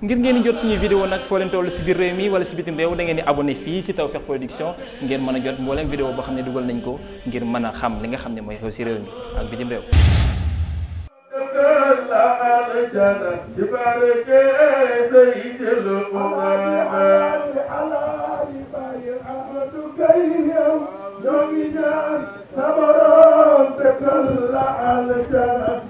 ngir ngeen jot suñu vidéo nag foo leen toll si biir réew mi wala si bitim réew da ngeen di abonné fii si Tawfekh Production ngeen mën a jot mbooleem vidéo boo xam ne dugal nañ ko ngir mën a xam li nga xam ne mooy xew si réew mi ak bitim réew ñoo ngi ñaan sa borom te kal la al jana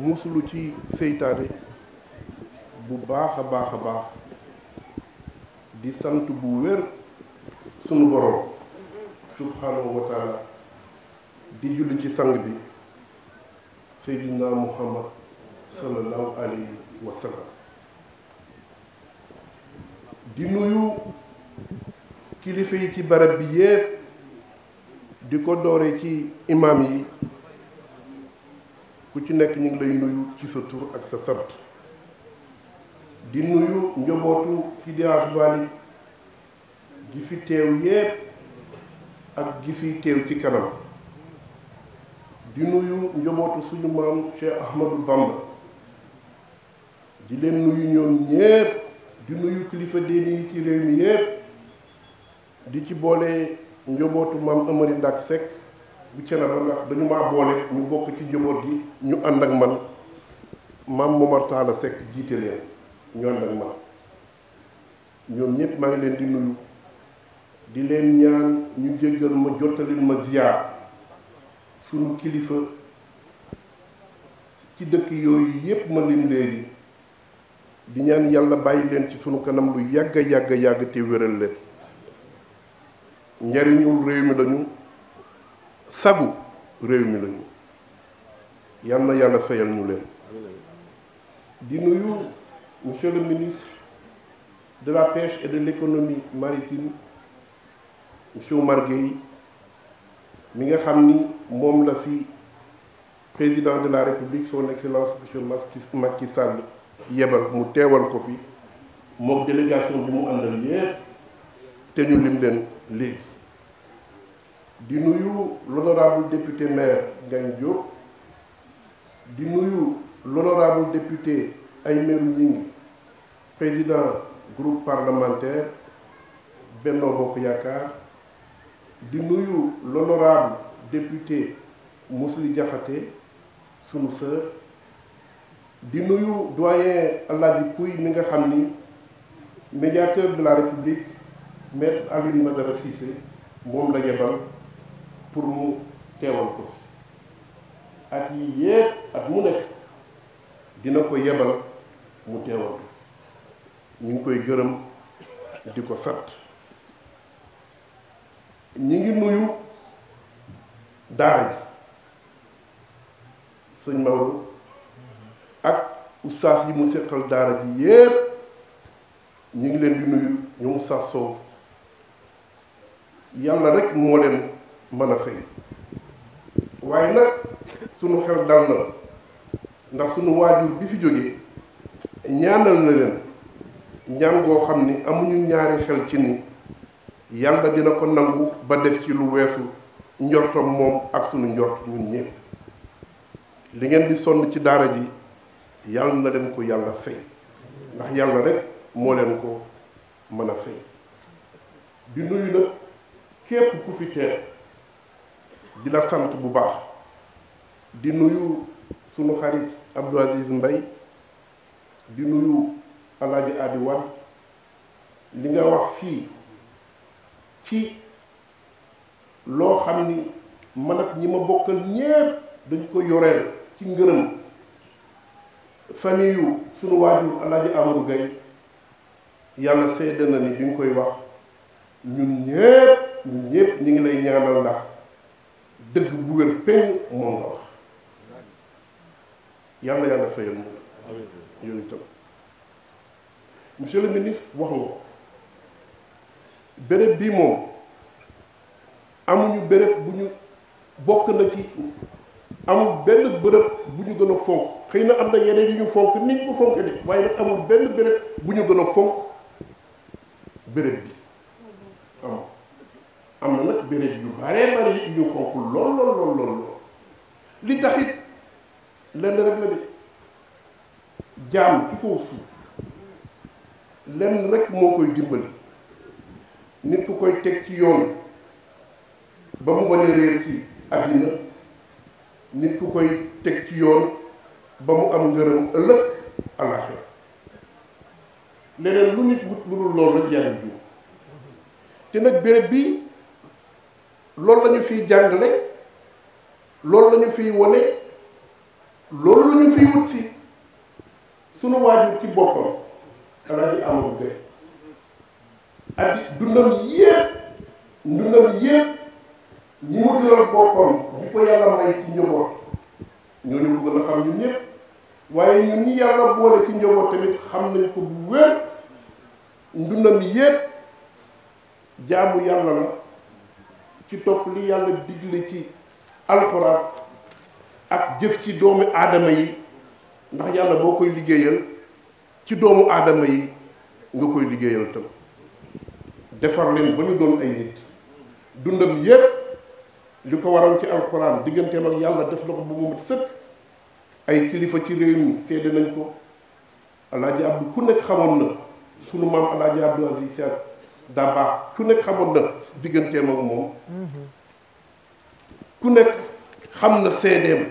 musulu ci seytaane bu baax a baax a baax di sant bu wér sunu borom subhanahu wa taala di julli ci sang bi seydina muhammad sallallahu alayhi wa sallam di nuyu kilifa yi ci barab bi yépp di ko doore ci imaam yi ku ci nekk ñu ngi lay nuyu ci sa tur ak sa sabt di nuyu njobootu Seydi Hadji gi fi teew yépp ak gi fi teew ci kanam di nuyu njobootu suñu maam Cheikh Ahmadou Bamba di leen nuyu ñoom ñépp di nuyu kilifa diine yi ci réew mi yépp di ci boole njobootu maam Amari Ndak Seck bu Thiénaba ndax dañu maa boole ñu bokk ci njoboot gi ñu ànd ak man maam Momar Talla Seck jiite leen ñoon ak man ñoom ñëpp maa leen di nuyu di leen ñaan ñu jéggal ma jottalin ma ziyaar suñu kilifa ci dëkk yooyu yépp ma lim léegi di ñaan yàlla bàyyi leen ci sunu kanam lu yàgg a yàgg a yàgg te wéral leen njariñul réew mi lañu sagu réew mi lañu yàlla yàlla fayal ñu leen di nuyu Monsieur le ministre de la Pêche et de l'économie maritime, Monsieur Oumar Gueye mi nga xam ni moom la fi président de la République son excellence monsieur Macky Sall yebal mu teewal ko fi moom délégation bi mu àndal yépp te ñu lim leen léegi di nuyu l'honorable député maire Ngagne Diop di nuyu l'honorable député Aymerou Gningue président groupe parlementaire Benno Bokk Yaakaar di nuyu l'honorable député Mously Diakhaté sunu sœur di nuyu doyen Alaaji Pouy mi nga xam ni médiateur de la République maître Alioune Badara Cissé moom la yebal pour mu teewal ko fi at yi yépp at mu nekk dina ko yebal mu teewal ñu ngi koy gërëm di ko sant ñi ngi nuyu daara ji sëñ Maodo ak ustaas yi mu seqal daara ji yépp ñu ngi leen di nuyu mu ustaas Sow yàlla rek moo leen mën a fay waaye nag sunu xel dal ndax sunu waajur bi fi jógee ñaanal na leen ñaan goo xam ni amuñu ñaari xel ci ni yàlla dina ko nangu ba def ci lu weesu njortam moom ak sunu njort ñun ñëpp li ngeen di sonn ci daara ji yàlla na leen ko yàlla fay ndax yàlla rek moo leen ko mën a fay di nuyu nag képp ku fi teer di sant bu baax di nuyu sunu xarit Abdou Aziz di nuyu alaaji Adi li nga wax fii ci loo xam ni man ak ñi ma bokkal ñépp dañ ko yoreel ci ngërëm famille sunu waajur alaaji Amadou Gaye yàlla seede na ni bi nga koy wax ñun ñépp ñépp ñu ngi lay ñaanal ndax dëgg bu wér péng moo nga wax yàlla yàlla fayal mu yooyu tam monsieur le ministre wax nga béréb bii moom amuñu béréb bu ñu bokk na ci amul benn bërëb bu ñu gën a fonk xëy na am na yeneen yu ñu fonk ni ñu ko de waaye nag amul benn béréb bu ñu gën a fonk béréb bi am am na nag béréb yu bare bari yu ñu fonk lool lool lool li taxit lenn rek la de jaam ci kaw suuf lenn rek moo koy dimbali nit ku koy teg ci yoon ba mu bañ a réer ci àddina nit ku koy teg ci yoon ba mu am ngërëm ëllëg alaxira leneen lu nit wut lu dul loolu rek te nag béréb bi loolu la ñu fiy jàngale loolu la ñu fiy wone loolu la fiy wut si sunu waajur ci boppam Alaaji Amadou Gueye ak dundam yépp dundam yépp ñi mu jural boppam di ko yàlla may ci njaboot ñoo ñu gën a xam ñun ñëpp waaye ñun ñi yàlla boole ci njaboot tamit xam nañ ko bu wér dundam yépp jaamu yàlla la ci topp li yàlla digle ci alxuraan ak jëf ci doomu aadama yi ndax yàlla boo koy liggéeyal ci doomu aadama yi nga koy liggéeyal tam defar leen ba ñu doon ay nit dundam yépp li ko waral ci alxuraan digganteem ak yàlla def na ko ba sëkk ay kilifa ci réew mi seede nañ ko alaaji abdu ku nekk xamoon na sunu maam alaaji abdu aziz daa baax ku nekk xamoon na digganteem ak moom mm-hmm. ku nekk xam na seedeem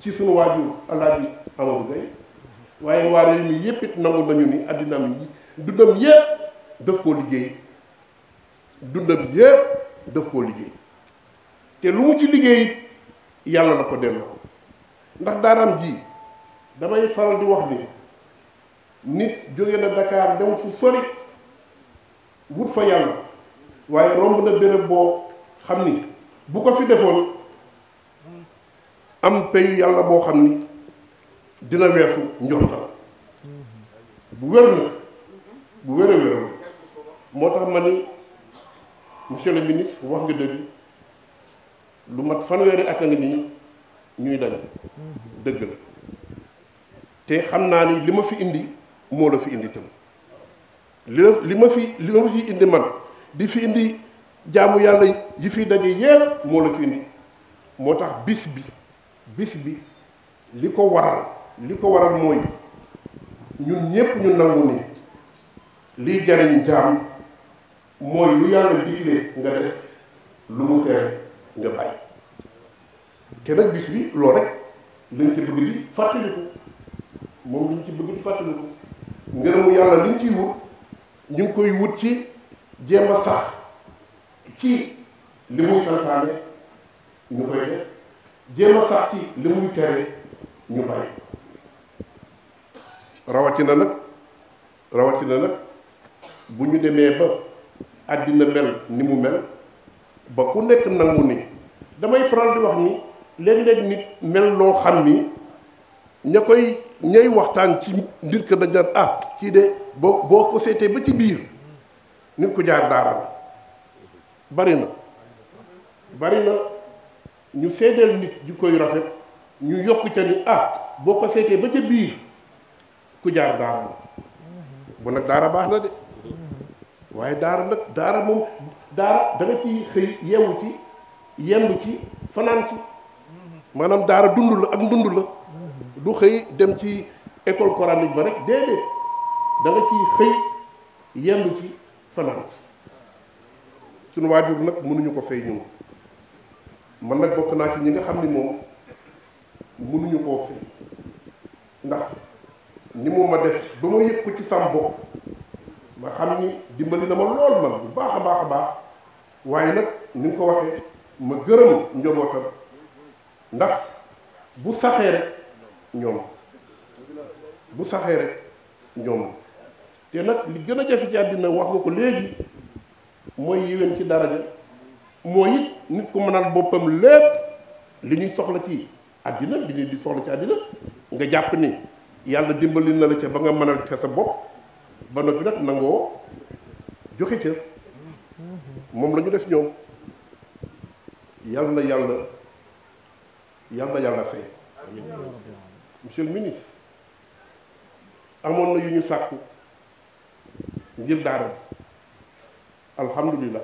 ci sunu waajur alaaji Amadou Gueye waaye waa réew mi yëpp nangu nañu ni addina mi dundam yëpp daf koo liggéey dundam yépp def koo liggéey te lu mu ci liggéey yàlla na ko dem ko ndax daaraam ji damay faral di wax bi nit jóge na Dakar dem fu sori wut fa yàlla waaye romb na béréb boo xam ni bu ko fi defoon am payu yàlla boo xam ni dina weesu njortal bu wér na bu wér a moo tax ma ni monsieur le ministre wax nga dëgg lu mat fanweeri at a ngi nii ñuy daje dëgg la te xam naa ni li ma fi indi moo la fi indi tam li ma fi li ma fi indi man di fi indi jaamu yàlla yi fi daje yépp moo la fi indi moo tax bis bi bis bi li ko waral li ko waral mooy ñun ñépp ñu nangu ni liy jariñ jaam mooy lu yàlla digle nga def lu mu tere nga bàyyi te nag bis bi loolu rek lañ ci bëgg di fàttaliku moom lañ ci bëgg di fàttaliku ngërëmu yàlla liñ ciy wut ñu ngi koy wut ci jéem a sax ci li muy santaane ñu koy def jéem a sax ci li muy tere ñu bàyyi rawatina nag rawatina nag bu ñu demee ba àddina mel ni mu mel ba ku nekk nangu ni damay faral di wax ni léeg-léeg nit mel loo xam ni ña koy ñay waxtaan ci ndir ko dajar ah kii de boo boo ko seetee ba ci biir nit ko jaar daara la bari na bari na ñu seedeel nit ju koy rafet ñu yokk ca ni ah boo ko seetee ba ca biir ku jaar daara la bu nag daara baax na de waaye daara nag daara moom daara da ciy ci xëy yeewu ci yendu ci fanaan ci maanaam daara dund la ak dund la du xëy dem ci école coranique ba rek déedéet da nga ciy xëy yendu ci fanaan ci suñu waajur nag mënuñu ko fay ñun man nag bokk naa ci ñi nga xam ni moom mënuñu koo fay ndax ni mu ma def ba ma yëg ci sam ma xam ni dimbali na ma lool man bu baax a baax a baax waaye nag ni nga ko waxee ma gërëm njabootam ndax bu saxee rek bu saxee rek ñoom te nag li gën a jafe ci wax nga ko léegi mooy yéwén ci daraja moo it nit ku mënal boppam lépp li ñuy soxla ci àddina li ñuy di soxla ci àddina nga jàpp ni yàlla dimbali na la ca ba nga mënal ca sa bopp ba noppi nag nangoo joxe moom la ñu def ñoom yàlla na yàlla yàlla na yàlla fay amoon na yu ñu sàkku ngir daara alhamdulilah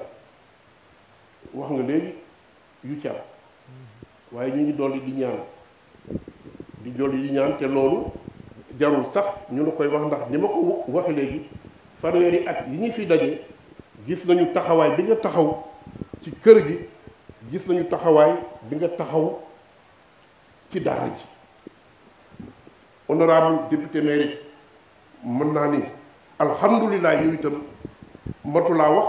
wax nga léegi yu ci waaye ñu ngi dolli di ñaan di dolli di ñaan te loolu jarul sax ñu la koy wax ndax ni ma ko wax léegi fanweeri at yi ñu fi daje gis nañu taxawaay bi nga taxaw ci kër gi gis nañu taxawaay bi nga taxaw ci daara ji honorable député mairie mën naa ni alhamdulilah yow itam matu laa wax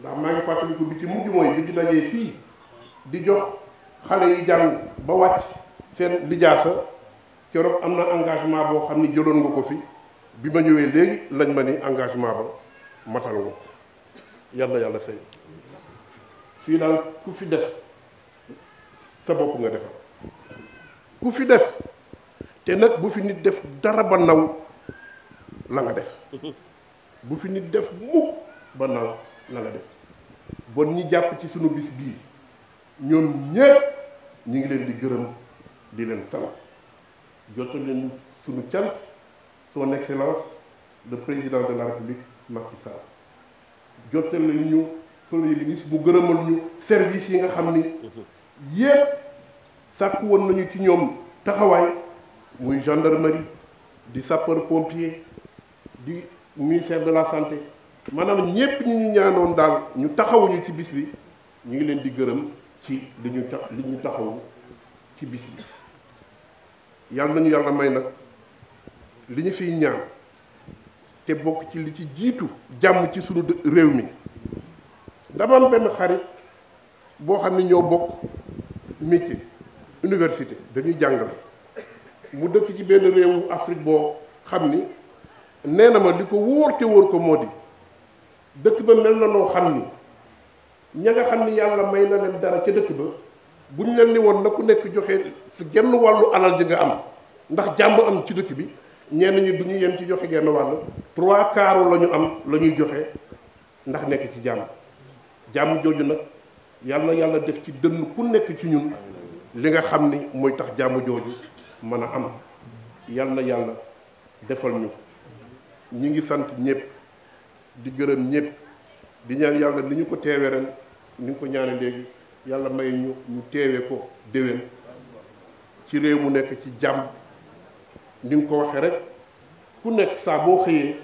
ndax maa ngi fàttaliku bi ci mujj mooy bi ñu dajee fii di jox xale yi jàng ba wàcc seen lijaasa keroog am na engagement boo xam ne jëloon nga ko fi bi ma ñëwee léegi lañ ma ni engagement ba matal nga yàlla yàlla sëy fii daal ku fi def sa bopp nga defal ku fi def te nag bu fi nit def dara ba naw la nga def bu fi nit def mukk ba naw la nga def bon ñi jàpp ci sunu bis bii ñoom ñépp ñu ngi leen di gërëm di leen salam jotu leen suñu cant son excellence le président de la république Macky Sall jotal ñu premier ministre bu gërëmal ñu service yi nga xam ni yépp sàkk woon nañu ci ñoom taxawaay muy gendarmerie di sapeur pompier di ministère de la santé maanaam ñépp ñu ñu ñaanoon daal ñu taxawuñu ci bis bi ñu ngi leen di gërëm ci li ñu li ñu taxawu ci bis bi yàlla nañu yàlla may nag li ñu fiy ñaan te bokk ci li ci jiitu jàmm ci sunu réew mi dama benn xarit boo xam ne ñoo bokk métier université dañuy jàngale mu dëkk ci benn réewu Afrique boo xam ni nee na ma li ko wóor te wóor ko moo di dëkk ba mel na noo xam ni ña nga xam ni yàlla may na leen dara ca dëkk ba buñ leen ni woon na ku nekk joxe si genn wàllu alal ji nga am ndax jàmm am ci dëkk bi ñenn ñi du ñu yem ci joxe genn wàll trois quarts la ñu am la ñuy joxe ndax nekk ci jàmm jàmm jooju nag yàlla yàlla def ci dënn ku nekk ci ñun li nga xam ni mooy tax jàmm jooju mën a am yàlla yàlla defal ñu ñi ngi sant ñëpp di gërëm ñëpp di ñaan yàlla li ñu ko teewee ren ni ñu ko ñaane léegi yàlla may ñu ñu teewe ko déwén ci réew mu nekk ci jàmm ni nga ko waxee rek ku nekk saa boo xëyee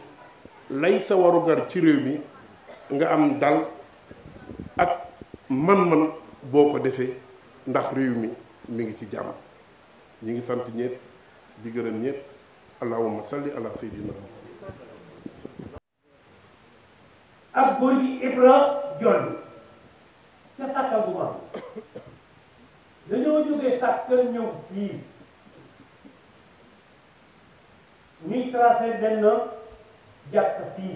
lay sa warugar ci réew mi nga am dal ak man-man boo ko defee ndax réew mi mi ngi ci jàmm ñi ngi sant ñépp di gërëm ñépp allahumma salli ala sayyidina ak góor que ñëw fii ñuy tracé benn jàkk i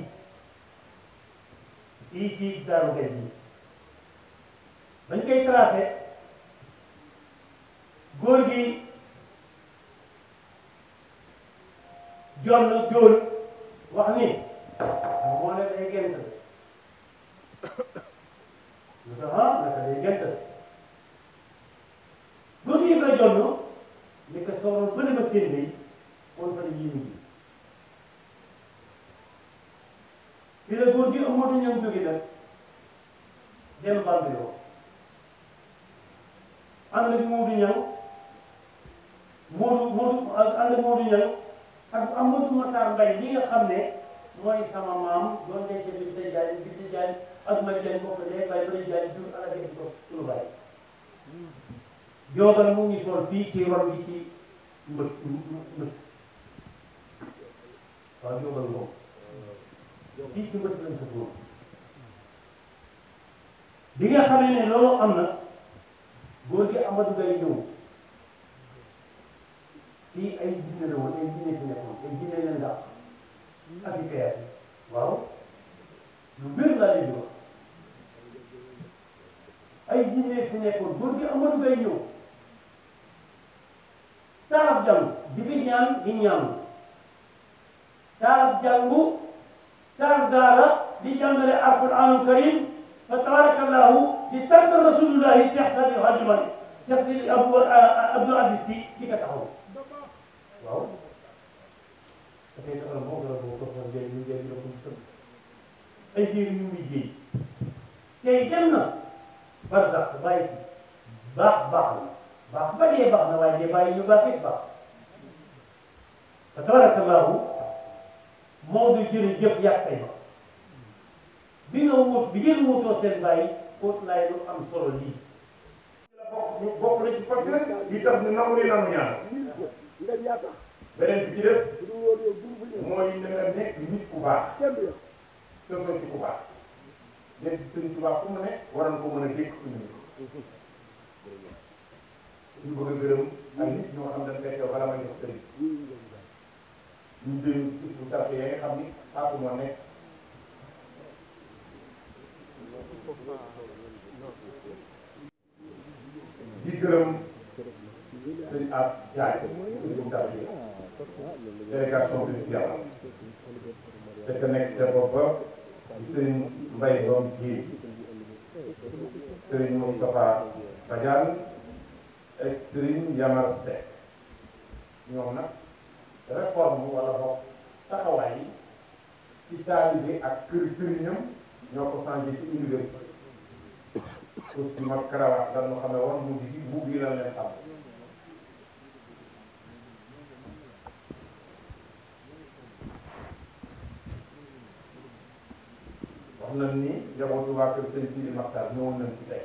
fii ci Darou Gaye bañ koy tracé góor gi jonn jool wax ni moo ne day gént lu tax naka day gént mënatu ñoom jóge nag dem Bambilor ànd ak Modou Niang Modou Modou ànd ak Modou Niang ak Amadou Matar Mbaye bi nga xam ne mooy sama maam doon denc bi day jaay bi di jaay ak may jaay mbokk day bàyyi ba day jaay jur ala ngeen ko suñu bàyyi joobal mu ngi sol fii ci war bi ci mbët mbët waaw joobal moom ci ci bët lañ ko ne loolu am na góor gi Amadou Gaye ñëw ay jinne la woon ay jinne fi nekkoon ay jinne leen dàq ak i peer waaw lu wér laa leen di wax ay jinne fi nekkoon góor gi Amadou Gaye ñëw taab di fi ñaan di ñaan taab jàngu taal daara di jàngale alquranu karim fa tabarakallahu di tàggal rasulullahi Cheikh Sadil Hadji Malick Cheikh Sidi Abdou Aziz di di ko taxaw waaw ay jéeri ñu muy jéey tey dem na barzak bàyyi ci baax baax la baax ba dee baax na waaye dee bàyyi ñu baax it baax fa tabarakallahu moo di jërëjëf yàqe ma bi nga wut bi ngeen wutoo seen bàyyi kóot laay lu solo lii. bokk bokk na ci côté yi tax ñu nangu ni nangu ñaan. beneen bi ci des mooy na nga nekk nit ku baax sëfan ci ku baax nekk sëñ ku baax fu mu ne waroon ko mën a dégg suñu ñu bëgg a gërëm ak nit ñoo xam dañ fekk yow bala ma ñëw ñu jël gis bu tàkk ya nga xam ni xaatu moo nekk di gërëm sëñ Ab Jaay gis bu tàkk ya délégation bi fi yàlla te ka nekk ca boppa di sëñ Mbay doom jii sëriñ Moustapha Badiane ak sëriñ Yamar Seck ñoom nag réforme wala boog taxawaay yi ci taalibe ak kër sëriñam ñoo ko changé ci université costume ak cravate lan nga xam ne war mu ngi ji buub yi lan leen xam wax nañ ni njabootu waa kër sëñ Sidi Maxtar ñëwoon nañ ci tey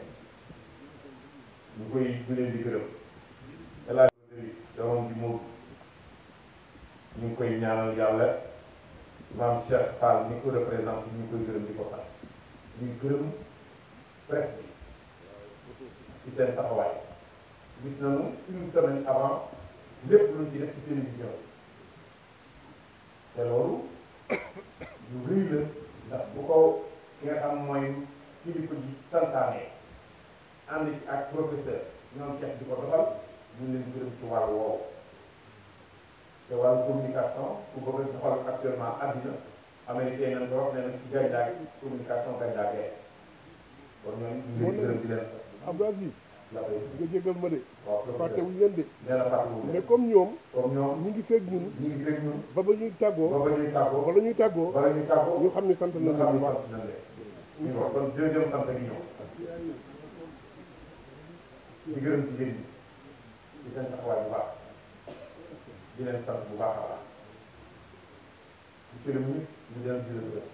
ñu koy ñu leen di gërëm El Hadj Diouf doomam bi moo ñu ngi koy ñaanal yàlla maam Cheikh Fall mi ko représenté ñu ngi koy gërëm di ko sax ñuy gërëm presse bi ci seen taxawaay gis nañu une semaine avant lépp luñ ci def ci télévision lu rëy la ndax bu ko ki nga xam mooy kilifa ji santaane ànd ci ak professeur ñoom Cheikh di ko doxal ñu leen te wàllu communication ku bëgg a xool actuellement àddina ñu ngi gërëm nga jégal ma de. fàttewuñ leen de. mais comme comme ñoom ñu ngi feeg ñun. ba ba ñuy tàggoo. ba ba ñuy tàggoo. bala ñuy ñuy tàggoo ñu xam ne sant nañ la. ñu ñu wax kon deuxième sant ci seen taxawaay bu baax. di leen sant bu baax a baax monsieur le ministre ñu dem di la gërëm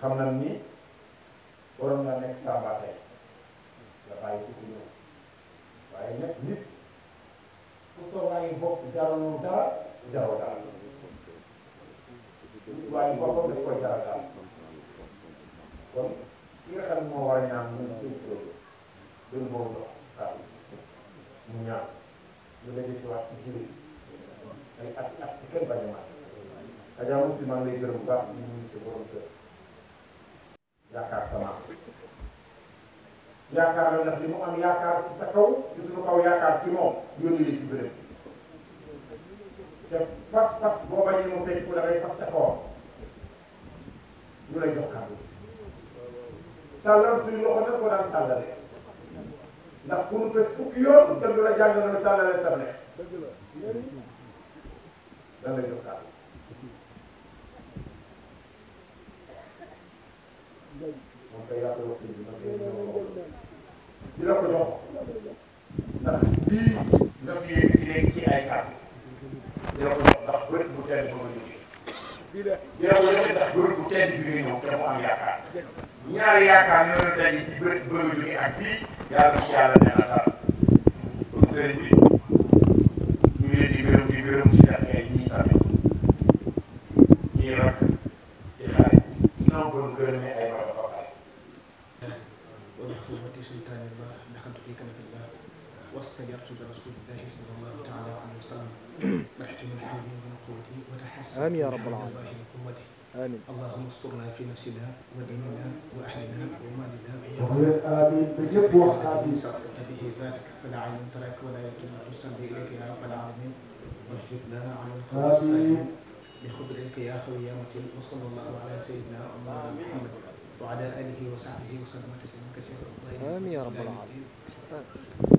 xam nañ ni waroon nekk Tamba tey la bàyyi ci ku ñëw waaye nag nit ku soxlaay bopp jarul dara jarul dara waaye boppam daf koy jaral dara kon ki nga xam moo war a mu ngi ci loolu gën moo mu ñaan. lu nekk ci wax ci jiw ay at at ci kenn bañ a waat Adja Moussi maa ngi lay gërëm bu baax di nuyu sa borom kër yaakaar sama yaakaar la ndax li mu am yaakaar ci sa kaw ci suñu kaw yaakaar ci moom yónni la ci bërëb te pas-pas boo bañee mu fekk ku da ngay fas ca kawam ñu lay jox kàddu tàllal suñu ndax ku mu bés fukki yoon te du la jàng na lu tàllale sa neex dan la jox kàddu moom kay yàlla wax ko di la ko jox ndax bii nga fiyee léegi ci ay kàddu di la ko jox ndax bët bu tedd ba nga jógee di la ko jox ndax bët bu mu am yaakaar ñaari yaakaar ñoo la daje ci bët ba nga jógee ak yàlla na ci yàlla neena dara kon sëriñ bi ñu ngi leen di gërëm di gërëm Cheikh Gueye ñii tamit ñii rak di xarit ñoo doon gërëmee ay rab ba pare. ونحن سلطان الله دخلت في كلمة الله واستجرت برسول الله صلى الله تعالى عليه وسلم رحت من حولي ومن قوتي وتحسنت آمين يا رب العالمين آمين اللهم استرنا في نفسنا وديننا وأهلنا ومالنا آمين بجد وآمين به ذاتك فلا عين تراك ولا يمكن أن تصلي إليك يا رب العالمين وارشدنا عن الخير السليم بخبرك يا خوي متين وصلى الله على سيدنا ومولانا محمد وعلى آله وصحبه وسلم تسليما كثيرا آمين يا رب العالمين